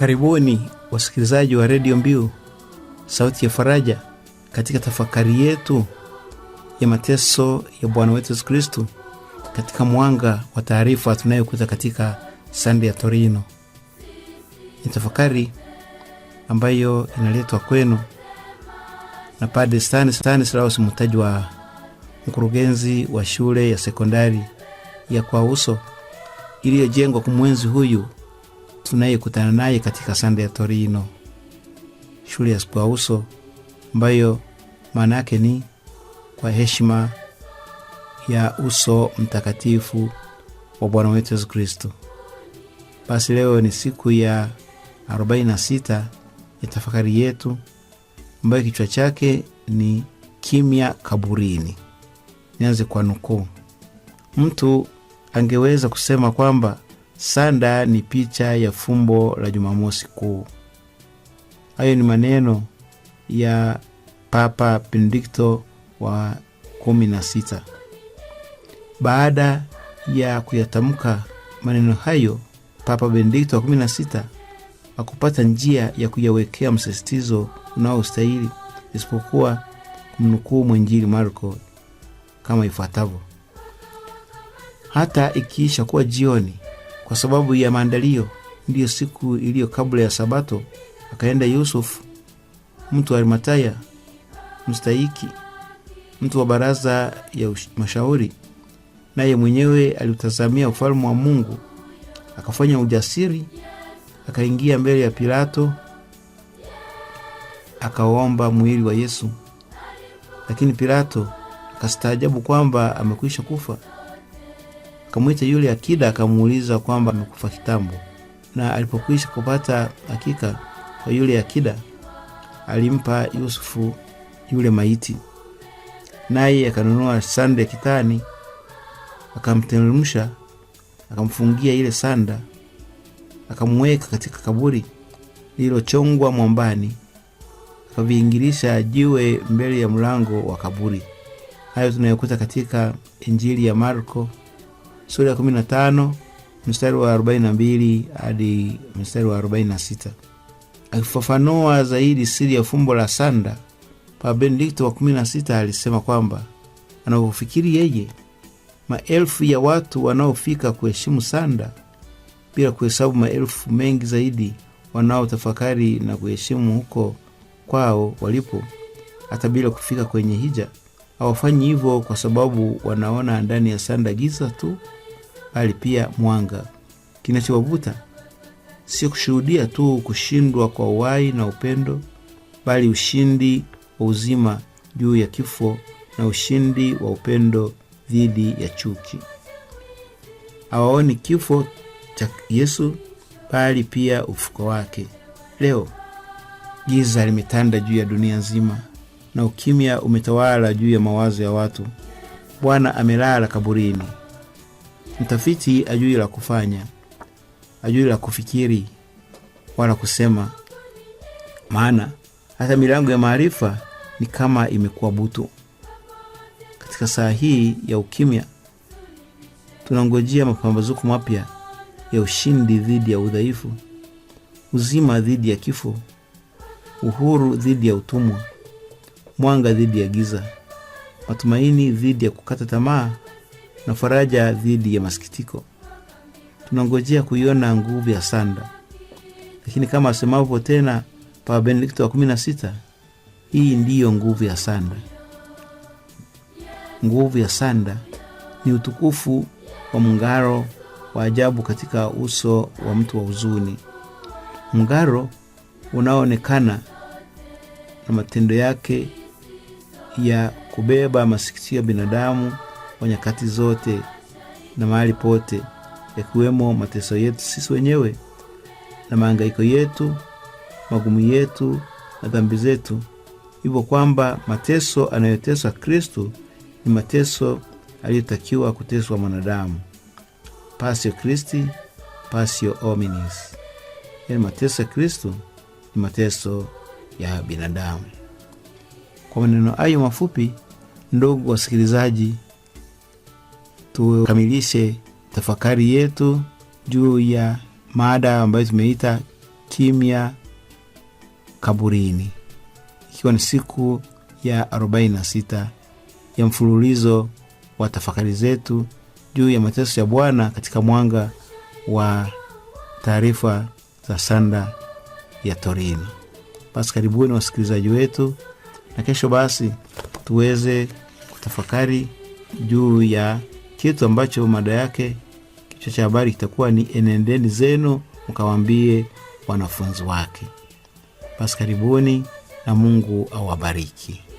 Karibuni wasikilizaji wa redio Mbiu sauti ya faraja, katika tafakari yetu ya mateso ya Bwana wetu Yesu Kristu katika mwanga wa taarifa tunayokuta katika sande ya Torino. Ni tafakari ambayo inaletwa kwenu na pade Stanislaus wa mkurugenzi wa shule ya sekondari ya Kwauso iliyojengwa kumwenzi huyu tunayekutana naye katika sanda ya Torino, shule ya Spauso, ambayo maana yake ni kwa heshima ya uso mtakatifu wa Bwana wetu Yesu Kristo. Basi leo ni siku ya 46 ya tafakari yetu ambayo kichwa chake ni kimya kaburini. Nianze kwa nukuu. Mtu angeweza kusema kwamba Sanda ni picha ya fumbo la Jumamosi Kuu. Hayo ni maneno ya Papa Benedikto wa kumi na sita. Baada ya kuyatamka maneno hayo, Papa Benedikto wa kumi na sita akupata njia ya kuyawekea msisitizo unaostahili isipokuwa kumnukuu mwenjili Marko kama ifuatavyo: hata ikiisha kuwa jioni kwa sababu ya maandalio, ndiyo siku iliyo kabla ya Sabato, akaenda Yusufu mtu wa Arimataya, mstahiki, mtu wa baraza ya mashauri, naye mwenyewe aliutazamia ufalme wa Mungu, akafanya ujasiri, akaingia mbele ya Pilato, akaomba mwili wa Yesu. Lakini Pilato akastaajabu kwamba amekwisha kufa akamwita yule akida akamuuliza kwamba amekufa kitambo, na alipokwisha kupata hakika kwa yule akida alimpa Yusufu yule maiti, naye akanunua sanda ya kitani akamteremsha, akamfungia ile sanda, akamweka katika kaburi lililochongwa mwambani, akaviingirisha jiwe mbele ya mlango wa kaburi. Hayo tunayokuta katika Injili ya Marko sura ya 15 mstari wa 42 hadi mstari wa 46. Akifafanua zaidi siri ya fumbo la sanda, Papa Benedikto wa 16 alisema kwamba anavyofikiri yeye, maelfu ya watu wanaofika kuheshimu sanda, bila kuhesabu maelfu mengi zaidi wanaotafakari na kuheshimu huko kwao walipo, hata bila kufika kwenye hija. Hawafanyi hivyo kwa sababu wanaona ndani ya sanda giza tu bali pia mwanga. Kinachowavuta sio kushuhudia tu kushindwa kwa uhai na upendo, bali ushindi wa uzima juu ya kifo na ushindi wa upendo dhidi ya chuki. Hawaoni kifo cha Yesu bali pia ufuko wake. Leo giza limetanda juu ya dunia nzima na ukimya umetawala juu ya mawazo ya watu. Bwana amelala kaburini. Mtafiti ajui la kufanya, ajui la kufikiri wala kusema, maana hata milango ya maarifa ni kama imekuwa butu. Katika saa hii ya ukimya, tunangojea mapambazuko mapya ya ushindi dhidi ya udhaifu, uzima dhidi ya kifo, uhuru dhidi ya utumwa, mwanga dhidi ya giza, matumaini dhidi ya kukata tamaa na faraja dhidi ya masikitiko. Tunangojea kuiona nguvu ya sanda, lakini kama asemavyo tena Papa Benedikto wa kumi na sita, hii ndiyo nguvu ya sanda. Nguvu ya sanda ni utukufu wa mngaro wa ajabu katika uso wa mtu wa huzuni, mngaro unaoonekana na matendo yake ya kubeba masikitiko ya binadamu kwa nyakati zote na mahali pote, yakiwemo mateso yetu sisi wenyewe na mahangaiko yetu, magumu yetu na dhambi zetu, hivyo kwamba mateso anayoteswa Kristu ni mateso aliyotakiwa kuteswa mwanadamu, pasio Kristi pasio hominis, yaani mateso ya Kristu ni mateso ya binadamu. Kwa maneno hayo mafupi, ndugu wasikilizaji tukamilishe tafakari yetu juu ya mada ambayo tumeita kimya kaburini, ikiwa ni siku ya 46 ya mfululizo wa tafakari zetu juu ya mateso ya Bwana katika mwanga wa taarifa za sanda ya Torino. Basi karibuni wasikilizaji wetu, na kesho basi tuweze kutafakari juu ya kitu ambacho mada yake kichwa cha habari kitakuwa ni enendeni zenu mkawambie wanafunzi wake. Basi karibuni na Mungu awabariki.